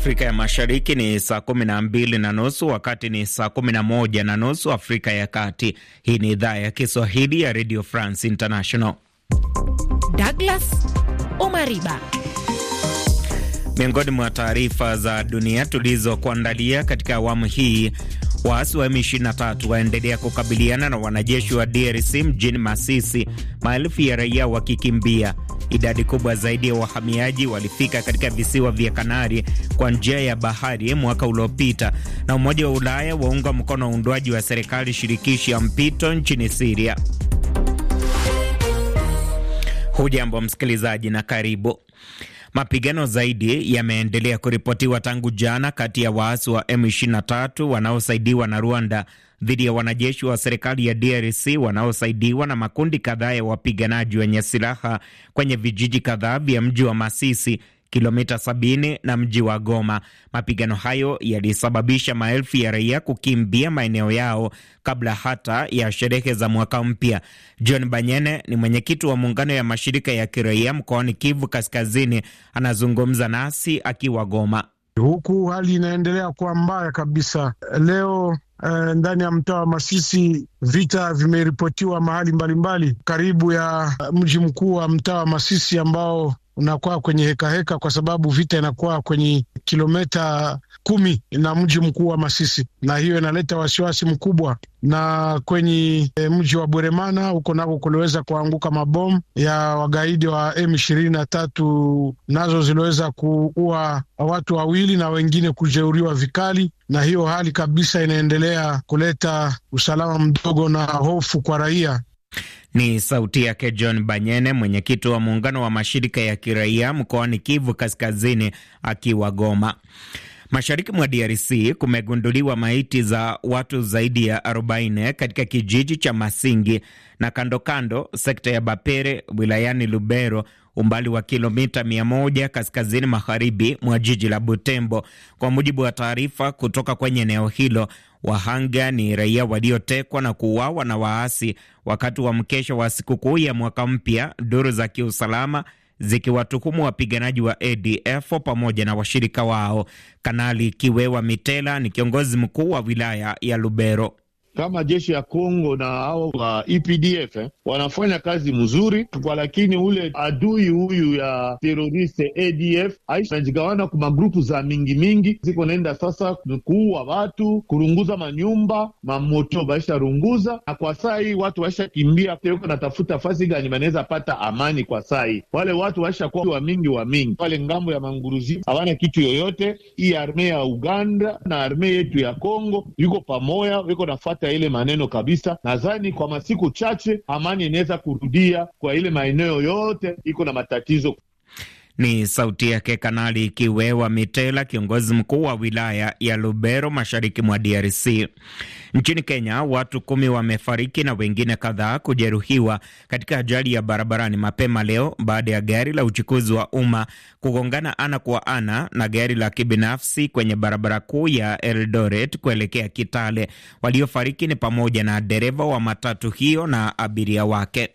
Afrika ya Mashariki ni saa kumi na mbili na nusu wakati ni saa kumi na moja na nusu Afrika ya Kati. Hii ni idhaa ya Kiswahili ya Radio France International. Douglas Omariba miongoni mwa taarifa za dunia tulizokuandalia katika awamu hii Waasi wa M23 waendelea kukabiliana na wanajeshi wa DRC mjini Masisi, maelfu ya raia wakikimbia. Idadi kubwa zaidi ya wahamiaji walifika katika visiwa vya Kanari kwa njia ya bahari mwaka uliopita, na Umoja wa Ulaya waunga mkono uundwaji wa serikali shirikishi ya mpito nchini Siria. Hujambo msikilizaji na karibu. Mapigano zaidi yameendelea kuripotiwa tangu jana kati ya waasi wa M23 wanaosaidiwa na Rwanda dhidi ya wanajeshi wa serikali ya DRC wanaosaidiwa na makundi kadhaa ya wapiganaji wenye silaha kwenye vijiji kadhaa vya mji wa Masisi kilomita 70 na mji wa Goma. Mapigano hayo yalisababisha maelfu ya raia kukimbia maeneo yao kabla hata ya sherehe za mwaka mpya. John Banyene ni mwenyekiti wa muungano ya mashirika ya kiraia mkoani Kivu Kaskazini, anazungumza nasi akiwa Goma huku hali inaendelea kuwa mbaya kabisa. Leo uh, ndani ya mtaa wa Masisi vita vimeripotiwa mahali mbalimbali mbali, karibu ya eh, mji mkuu wa mtaa wa Masisi ambao unakuwa kwenye hekaheka heka, kwa sababu vita inakuwa kwenye kilometa kumi na mji mkuu wa Masisi, na hiyo inaleta wasiwasi mkubwa. Na kwenye e, mji wa Bweremana huko nako kuliweza kuanguka mabomu ya wagaidi wa M ishirini na tatu, nazo ziliweza kuua watu wawili na wengine kujeuriwa vikali, na hiyo hali kabisa inaendelea kuleta usalama mdogo na hofu kwa raia. Ni sauti yake John Banyene, mwenyekiti wa muungano wa mashirika ya kiraia mkoani Kivu Kaskazini, akiwa Goma. Mashariki mwa DRC kumegunduliwa maiti za watu zaidi ya 40 katika kijiji cha Masingi na kando kando sekta ya Bapere wilayani Lubero, umbali wa kilomita 100 kaskazini magharibi mwa jiji la Butembo, kwa mujibu wa taarifa kutoka kwenye eneo hilo. Wahanga ni raia waliotekwa na kuuawa na waasi wakati wa mkesha wa sikukuu ya mwaka mpya, duru za kiusalama zikiwatuhumu wapiganaji wa ADF pamoja na washirika wao. Kanali Kiwewa Mitela ni kiongozi mkuu wa wilaya ya Lubero kama jeshi ya Kongo na hao wa EPDF eh, wanafanya kazi mzuri kwa, lakini ule adui huyu ya teroriste ADF aishi najigawana kwa magrupu za mingi mingi, ziko naenda sasa kuua watu, kurunguza manyumba, mamoto baisha runguza, na kwa saa hii watu waisha kimbia teko, natafuta fasi gani wanaweza pata amani. Kwa saa hii wale watu waisha kuwa wa mingi wa mingi, wale ngambo ya manguruzi hawana kitu yoyote. Hii arme ya Uganda na arme yetu ya Kongo yuko pamoya, yuko nafata hata ile maneno kabisa. Nadhani kwa masiku chache amani inaweza kurudia kwa ile maeneo yote iko na matatizo. Ni sauti yake Kanali Kiwewa Mitela, kiongozi mkuu wa wilaya ya Lubero, mashariki mwa DRC. Nchini Kenya, watu kumi wamefariki na wengine kadhaa kujeruhiwa katika ajali ya barabarani mapema leo baada ya gari la uchukuzi wa umma kugongana ana kwa ana na gari la kibinafsi kwenye barabara kuu ya Eldoret kuelekea Kitale. Waliofariki ni pamoja na dereva wa matatu hiyo na abiria wake.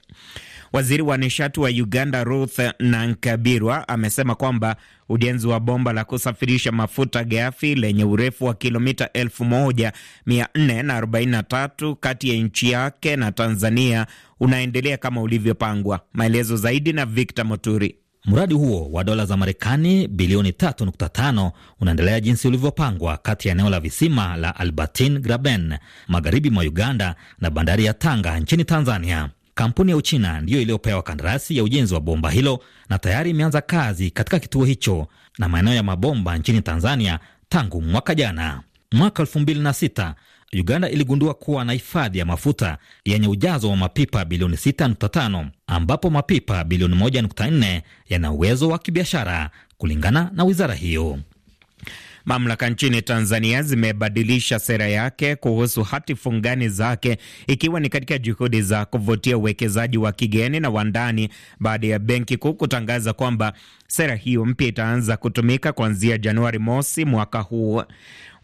Waziri wa nishati wa Uganda Ruth Nankabirwa amesema kwamba ujenzi wa bomba la kusafirisha mafuta ghafi lenye urefu wa kilomita 1443 kati ya nchi yake na Tanzania unaendelea kama ulivyopangwa. Maelezo zaidi na Victor Moturi. Mradi huo wa dola za Marekani bilioni 3.5 unaendelea jinsi ulivyopangwa kati ya eneo la visima la Albertine Graben magharibi mwa Uganda na bandari ya Tanga nchini Tanzania. Kampuni ya Uchina ndiyo iliyopewa kandarasi ya ujenzi wa bomba hilo na tayari imeanza kazi katika kituo hicho na maeneo ya mabomba nchini Tanzania tangu mwaka jana. Mwaka 2006 Uganda iligundua kuwa na hifadhi ya mafuta yenye ujazo wa mapipa bilioni 6.5 ambapo mapipa bilioni 1.4 yana uwezo wa kibiashara kulingana na wizara hiyo. Mamlaka nchini Tanzania zimebadilisha sera yake kuhusu hati fungani zake, ikiwa ni katika juhudi za kuvutia uwekezaji wa kigeni na wa ndani baada ya benki kuu kutangaza kwamba sera hiyo mpya itaanza kutumika kuanzia Januari mosi mwaka huu.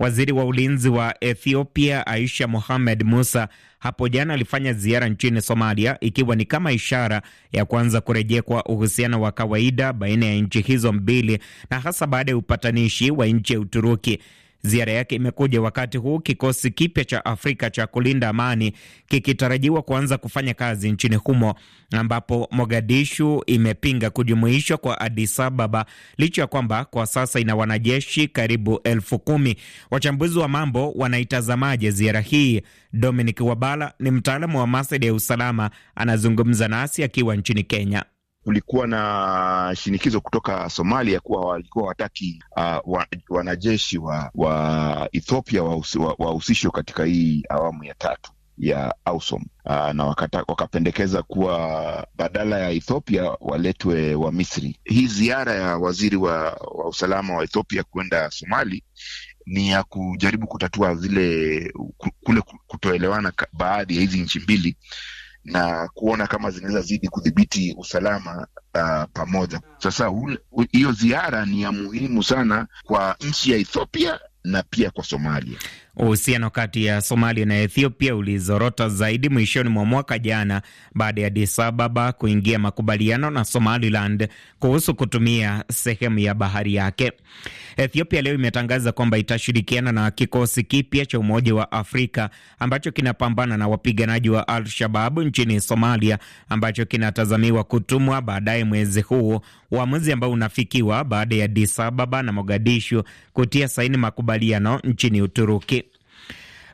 Waziri wa ulinzi wa Ethiopia Aisha Mohamed Musa hapo jana alifanya ziara nchini Somalia, ikiwa ni kama ishara ya kuanza kurejea kwa uhusiano wa kawaida baina ya nchi hizo mbili, na hasa baada ya upatanishi wa nchi ya Uturuki. Ziara yake imekuja wakati huu kikosi kipya cha Afrika cha kulinda amani kikitarajiwa kuanza kufanya kazi nchini humo, ambapo Mogadishu imepinga kujumuishwa kwa Addis Ababa licha ya kwamba kwa sasa ina wanajeshi karibu elfu kumi. Wachambuzi wa mambo wanaitazamaje ziara hii? Dominic Wabala ni mtaalamu wa masuala ya usalama, anazungumza nasi akiwa nchini Kenya kulikuwa na shinikizo kutoka Somalia kuwa walikuwa wataki uh, wa, wanajeshi wa, wa Ethiopia wahusishwe wa, wa katika hii awamu ya tatu ya AUSOM uh, na wakata, wakapendekeza kuwa badala ya Ethiopia waletwe wa Misri. Hii ziara ya waziri wa, wa usalama wa Ethiopia kwenda Somali ni ya kujaribu kutatua zile kule kutoelewana baadhi ya hizi nchi mbili na kuona kama zinaweza zidi kudhibiti usalama uh, pamoja. Sasa hiyo ziara ni ya muhimu sana kwa nchi ya Ethiopia na pia kwa Somalia. Uhusiano kati ya Somalia na Ethiopia ulizorota zaidi mwishoni mwa mwaka jana baada ya Addis Ababa kuingia makubaliano na Somaliland kuhusu kutumia sehemu ya bahari yake. Ethiopia leo imetangaza kwamba itashirikiana na kikosi kipya cha Umoja wa Afrika ambacho kinapambana na wapiganaji wa Al-Shababu nchini Somalia ambacho kinatazamiwa kutumwa baadaye mwezi huu, uamuzi ambao unafikiwa baada ya Addis Ababa na Mogadishu kutia saini makubaliano nchini Uturuki.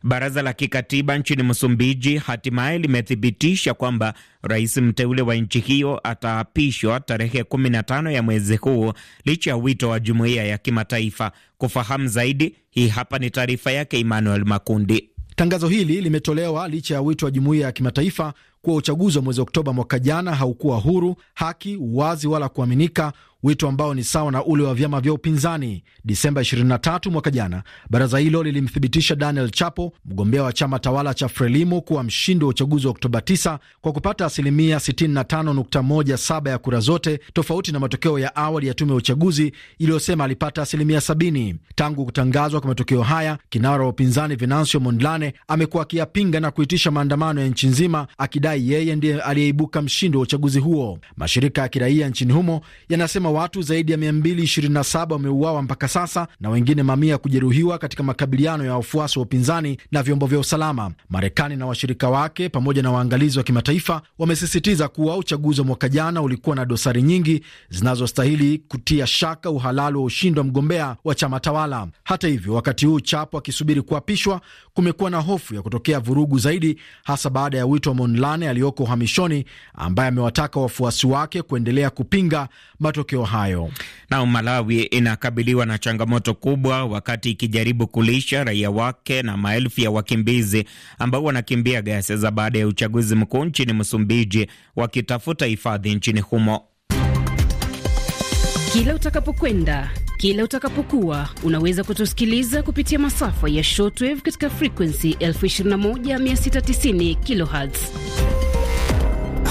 Baraza la kikatiba nchini Msumbiji hatimaye limethibitisha kwamba rais mteule wa nchi hiyo ataapishwa tarehe 15 ya mwezi huu licha ya wito wa jumuiya ya kimataifa. Kufahamu zaidi, hii hapa ni taarifa yake Emmanuel Makundi. Tangazo hili limetolewa licha ya wito wa jumuiya ya kimataifa kuwa uchaguzi wa mwezi Oktoba mwaka jana haukuwa huru, haki, uwazi wala kuaminika, wito ambao ni sawa na ule wa vyama vya upinzani. Disemba 23 mwaka jana, baraza hilo lilimthibitisha Daniel Chapo, mgombea wa chama tawala cha Frelimo, kuwa mshindi wa uchaguzi wa Oktoba 9 kwa kupata asilimia 65.17 ya kura zote, tofauti na matokeo ya awali ya tume ya uchaguzi iliyosema alipata asilimia 70. Tangu kutangazwa kwa matokeo haya, kinara wa upinzani Venancio Mondlane amekuwa akiyapinga na kuitisha maandamano ya nchi nzima, akidai yeye ndiye aliyeibuka mshindi wa uchaguzi huo. Mashirika ya kiraia nchini humo yanasema watu zaidi ya 227 wameuawa mpaka sasa na wengine mamia kujeruhiwa katika makabiliano ya wafuasi wa upinzani na vyombo vya usalama. Marekani na washirika wake pamoja na waangalizi wa kimataifa wamesisitiza kuwa uchaguzi wa mwaka jana ulikuwa na dosari nyingi zinazostahili kutia shaka uhalali wa ushindi wa mgombea wa chama tawala. Hata hivyo, wakati huu Chapo akisubiri kuapishwa, kumekuwa na hofu ya kutokea vurugu zaidi, hasa baada ya wito wa monlane aliyoko uhamishoni, ambaye amewataka wafuasi wake kuendelea kupinga matokeo matokeo hayo. Na Malawi inakabiliwa na changamoto kubwa wakati ikijaribu kulisha raia wake na maelfu ya wakimbizi ambao wanakimbia ghasia za baada ya uchaguzi mkuu nchini Msumbiji wakitafuta hifadhi nchini humo. Kila utakapokwenda kila utakapokuwa unaweza kutusikiliza kupitia masafa ya shortwave katika frekuensi 21690 kilohertz.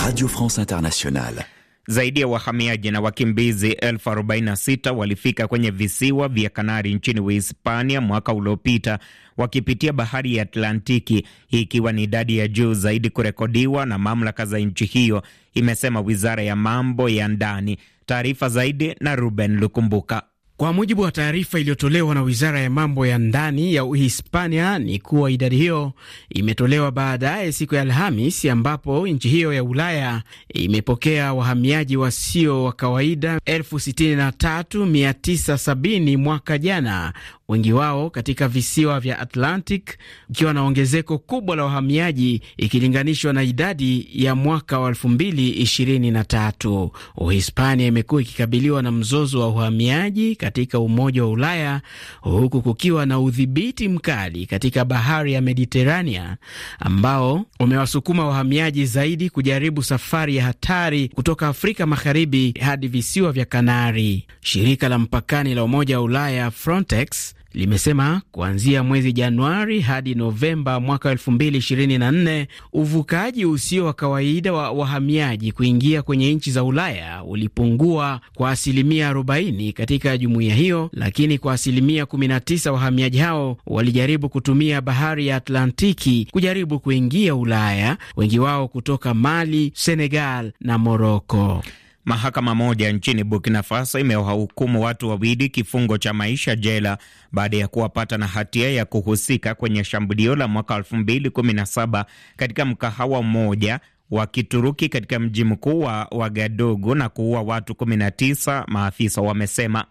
Radio France Internationale. Zaidi ya wahamiaji na wakimbizi elfu arobaini na sita walifika kwenye visiwa vya Kanari nchini Uhispania mwaka uliopita wakipitia bahari ya Atlantiki, hii ikiwa ni idadi ya juu zaidi kurekodiwa na mamlaka za nchi hiyo, imesema wizara ya mambo ya ndani. Taarifa zaidi na Ruben Lukumbuka. Kwa mujibu wa taarifa iliyotolewa na wizara ya mambo ya ndani ya Uhispania ni kuwa idadi hiyo imetolewa baadaye siku ya Alhamis, ambapo nchi hiyo ya Ulaya imepokea wahamiaji wasio wa kawaida 63970 mwaka jana, wengi wao katika visiwa vya Atlantic, ikiwa na ongezeko kubwa la wahamiaji ikilinganishwa na idadi ya mwaka wa 2023. Uhispania imekuwa ikikabiliwa na mzozo wa uhamiaji katika Umoja wa Ulaya, huku kukiwa na udhibiti mkali katika bahari ya Mediterania ambao umewasukuma wahamiaji zaidi kujaribu safari ya hatari kutoka Afrika Magharibi hadi visiwa vya Kanari. Shirika la mpakani la Umoja wa Ulaya Frontex limesema kuanzia mwezi Januari hadi Novemba mwaka 2024 uvukaji usio wa kawaida wa wahamiaji kuingia kwenye nchi za Ulaya ulipungua kwa asilimia 40 katika jumuiya hiyo, lakini kwa asilimia 19 wahamiaji hao walijaribu kutumia bahari ya Atlantiki kujaribu kuingia Ulaya, wengi wao kutoka Mali, Senegal na Moroko. Mahakama moja nchini Burkina Faso imewahukumu watu wawili kifungo cha maisha jela baada ya kuwapata na hatia ya kuhusika kwenye shambulio la mwaka 2017 katika mkahawa mmoja wa Kituruki katika mji mkuu wa Wagadugu na kuua watu 19, maafisa wamesema.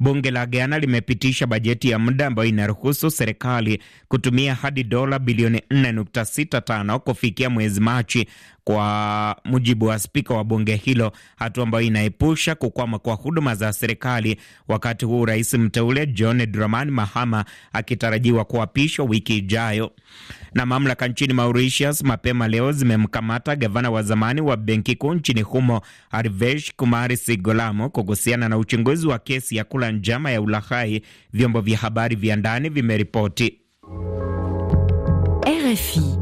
Bunge la Ghana limepitisha bajeti ya muda ambayo inaruhusu serikali kutumia hadi dola bilioni 4.65 kufikia mwezi Machi kwa mujibu wa spika wa bunge hilo, hatua ambayo inaepusha kukwama kwa huduma za serikali, wakati huu rais mteule John Dramani Mahama akitarajiwa kuapishwa wiki ijayo. Na mamlaka nchini Mauritius mapema leo zimemkamata gavana wa zamani wa benki kuu nchini humo Arvesh Kumari Sigolamo kuhusiana na uchunguzi wa kesi ya kula njama ya ulaghai, vyombo vya habari vya ndani vimeripoti RFI.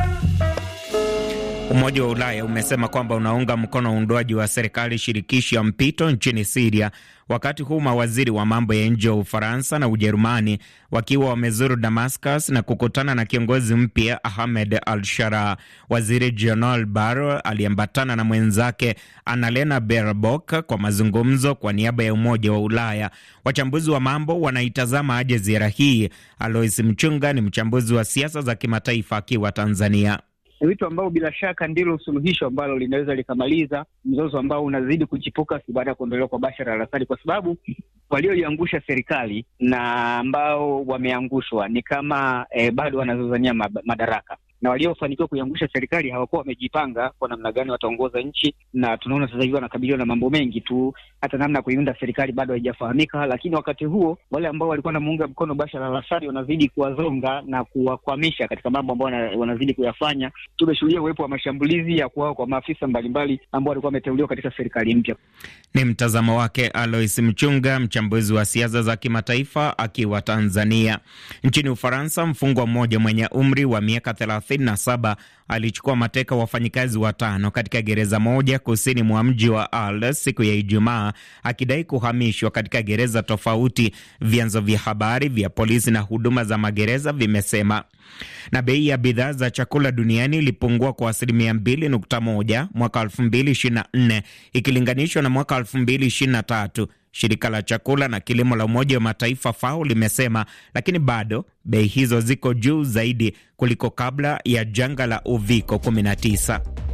Umoja wa Ulaya umesema kwamba unaunga mkono uundwaji wa serikali shirikishi ya mpito nchini Siria, wakati huu mawaziri wa mambo ya nje wa Ufaransa na Ujerumani wakiwa wamezuru Damascus na kukutana na kiongozi mpya Ahmed al Shara. Waziri jenal bar aliambatana na mwenzake analena berbok kwa mazungumzo kwa niaba ya Umoja wa Ulaya. Wachambuzi wa mambo wanaitazama aje ziara hii? Alois Mchunga ni mchambuzi wa siasa za kimataifa akiwa Tanzania ni vitu ambavyo bila shaka ndilo suluhisho ambalo linaweza likamaliza mzozo ambao unazidi kuchipuka baada ya kuondolewa kwa Bashar al Asadi, kwa sababu walioiangusha serikali na ambao wameangushwa ni kama eh, bado wanazozania madaraka na waliofanikiwa kuiangusha serikali hawakuwa wamejipanga kwa namna gani wataongoza nchi, na tunaona sasa hivi wanakabiliwa na mambo mengi tu, hata namna ya kuiunda serikali bado haijafahamika. Lakini wakati huo wale ambao walikuwa wanamuunga mkono Bashar al-Assad wanazidi kuwazonga na kuwakwamisha katika mambo ambao wanazidi kuyafanya. Tumeshuhudia uwepo wa mashambulizi ya kuwawa kwa maafisa mbalimbali ambao walikuwa wameteuliwa katika serikali mpya. Ni mtazamo wake Alois Mchunga, mchambuzi wa siasa za kimataifa akiwa Tanzania. Nchini Ufaransa, mfungwa mmoja mwenye umri wa miaka 37 alichukua mateka wafanyikazi watano katika gereza moja kusini mwa mji wa Al siku ya Ijumaa, akidai kuhamishwa katika gereza tofauti, vyanzo vya habari vya polisi na huduma za magereza vimesema. Na bei ya bidhaa za chakula duniani ilipungua kwa asilimia 2.1 mwaka 2024 ikilinganishwa na mwaka 2023 Shirika la chakula na kilimo la Umoja wa Mataifa FAO limesema, lakini bado bei hizo ziko juu zaidi kuliko kabla ya janga la Uviko 19.